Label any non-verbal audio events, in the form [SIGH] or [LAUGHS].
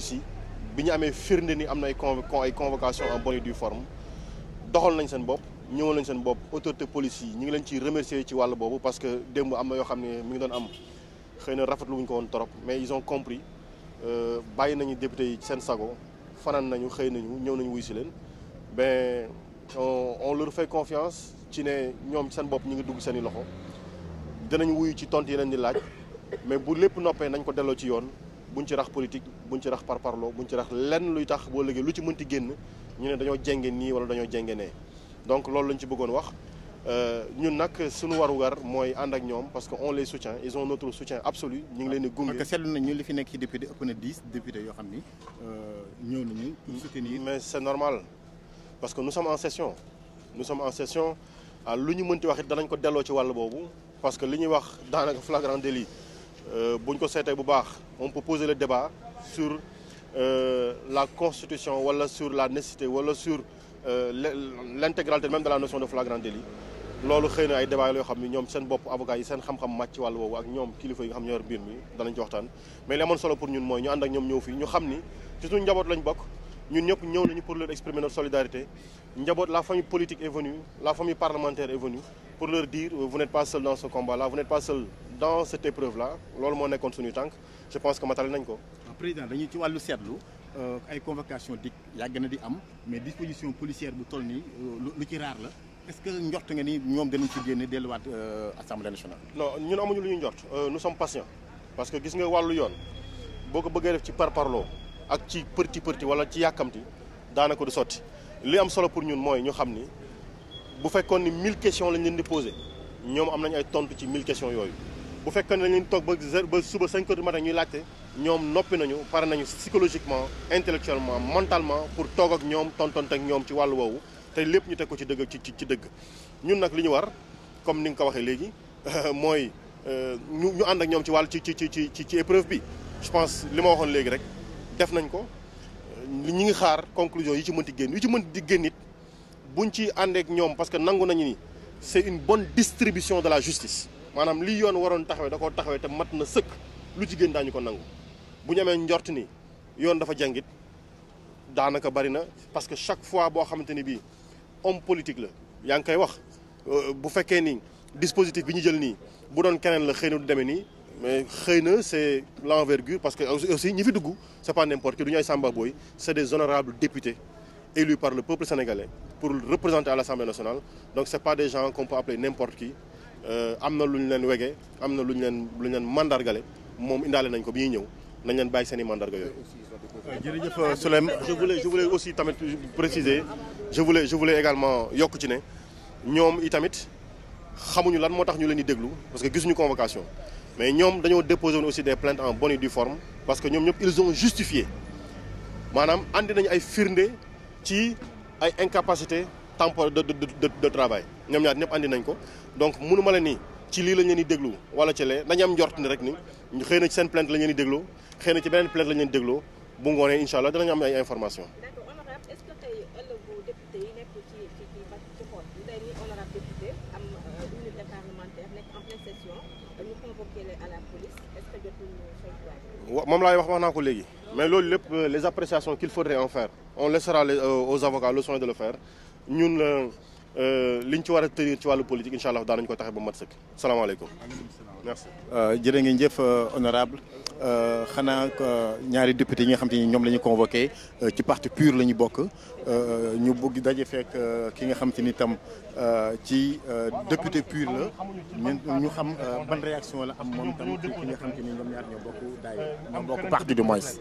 réussi bi ñu amee firnde ni am na ay ay convocation en bonne et forme doxal nañ seen bopp ñëwal nañ seen bopp autorité police yi ñu ngi leen ciy remercier ci wàll boobu parce que démb am na yoo xam ne mu ngi doon am xëy na rafetlu wuñ ko woon trop mais ils ont compris euh, bàyyi nañu député yi seen sago fanaan nañu xëy nañu ñëw nañu wuy si leen ben on leur fait confiance ci ne ñoom seen bopp ñu ngi dugg seen i loxo dinañ wuyu ci tontu yeneen di laaj mais bu lépp noppee nañ ko delloo ci yoon buñ ci rax politique buñ ci rax par par parparloo buñ ci rax lenn luy tax boo léegi lu ci mënti génn ñu ne dañoo jenge nii wala dañoo jenge nee donc loolu lañ ci bëggoon wax euh, ñun nag suñu warugar mooy ànd ak ñoom parce que on les soutient ils ont notre soutien absolu ñu ngi leen di gunge. parce que seetlu nañu li fi nekk ci député ëpp na dix députés euh, mais c'est normal parce que nous sommes en session nous sommes en session ah, lu ñu mënti wax it danañ ko delloo ci wàll boobu parce que li ñuy wax daanaka flagrant délit Euh, bu ñu ko seetee bu baax moom peut poser le débat sur euh, la constitution wala sur la nécessité wala sur euh, l'intégralité même de la notion de flagrant délit loolu xëy na ay débat yoo xam ni ñoom seen bopp avocat yi seen xam-xam màcc wàll woowu ak ñoom kilifa yi nga xam ñoo yor mbir mi danañ ci waxtaan mais li solo pour ñun mooy ñu ànd ak ñoom ñëw fi ñu xam ni ci suñu njaboot lañ bokk ñun ñëpp ñëw nañu pour leur exprimer notre solidarité njaboot la famille politique est venue la famille parlementaire est venue pour leur dire euh, vous n'êtes pas seul dans ce combat là vous n'êtes pas seul dans cette épreuve là loolu moo nekkoon suñu tànk je pense que matale nañ ko. président dañuy ci wàllu seetlu euh, ay convocation dikk yàgg na di am mais disposition policière bu toll nii euh, lu ci raar la. est-ce que njort nga ni ñoom danañ ci génne delluwaat assemblée nationale. lu ñuy njort nous sommes parce que gis nga wàllu yoon boo ko bëggee def ci parparloo ak ci përti përti wala ci yàkkamti daanaka du sotti li am solo pour ñun mooy ñu xam ni bu fekkoon ni mille question lañ leen di posé ñoom am nañ ay tontu ci mille questions yooyu. bu fekkoon ne dañ toog ba ba suba cinq heures du matin ñuy laajte ñoom noppi nañu pare nañu psychologiquement intellectuellement mentalement pour toog ak ñoom tontonte ak ñoom ci wàllu woowu te lép ñu teg ko ci dëgg ci ci dëgg ñun nag li ñu war comme ni nga ko waxee léegi [LAUGHS] mooy euh, ñu ñu ànd ak ñoom ci wàllu ci ci ci ci ci épreuve bi je pense li ma waxoon léegi rek. def nañ ko ñi ngi xaar conclusion yi ci mënti génn yi ci mënti di génn it buñ ci àndeek ñoom parce que nangu nañu ni c'est une bonne distribution de la justice maanaam li yoon waroon taxawee da koo taxawee te mat na sëkk lu ci génn daañu ko nangu bu ñu amee njort ni yoon dafa jangit daanaka bari na parce que chaque fois boo xamante ni bii homme politique la yaa ngi koy wax euh, bu fekkee ni dispositif bi ñu jël nii bu doon keneen la xëy na du demee nii mais xëy na c' est l' envergure parce que aussi ñi fi dugg c' est pas n' importe qui du ñu ay Samba Boy c' des honorables députés élus par le peuple sénégalais pour représenter à l' assemblée nationale donc c' est pas des gens qu'on peut appeler n' qui euh, am na lu ñu leen wegee am na lu ñu leen lu ñu mandargale moom indaale nañ ko bi ñuy ñëw nañ leen bàyyi seen i mandarga yooyu. jërëjëf euh, Souleymane je voulais je voulais aussi tamit préciser je voulais également yokk ci ne ñoom itamit xamuñu lan moo tax ñu leen di déglu parce que gisuñu convocation. mais ñoom dañoo déposé woon aussi des plaintes en bonne et due forme parce que ñoom ñëpp ils ont justifié maanaam andi nañu ay firnde ci ay incapacité temporaire de de de travail ñoom ñaar ñëpp andi nañ ko donc mënu ma la ni ci lii lañ leen di déglu wala ci lee dañu am njort ni rek ni xëy na ci seen plainte lañ leen di dégloo xëy na ci beneen plainte lañ leen di dégloo bu ngoonee incha allah danañ am ay information moom laay wax wax naa ko léegi mais loolu lépp euh, les appréciations qu'il faudrait en faire on laissera euh, aux avocats le soin de le faire ñun euh, li euh, liñ ci war a tenir ci wàllu politique incha allah daanañu ko taxe ba mat sëkk salaamaaleykum. merci. Euh, jërë ngi jëf euh, honorable xanaa ñaari député yi nga xam te ni ñoom la ñu convoqué ci parti PUR la ñu bokk ñu bëgg daje fekk ki nga xam te ni tam ci député PUR la ñu xam ban réaction la am moom tam ci ki nga xam te ni ñoom ñaar ñoo bokk daay ñoom bokk parti du moins.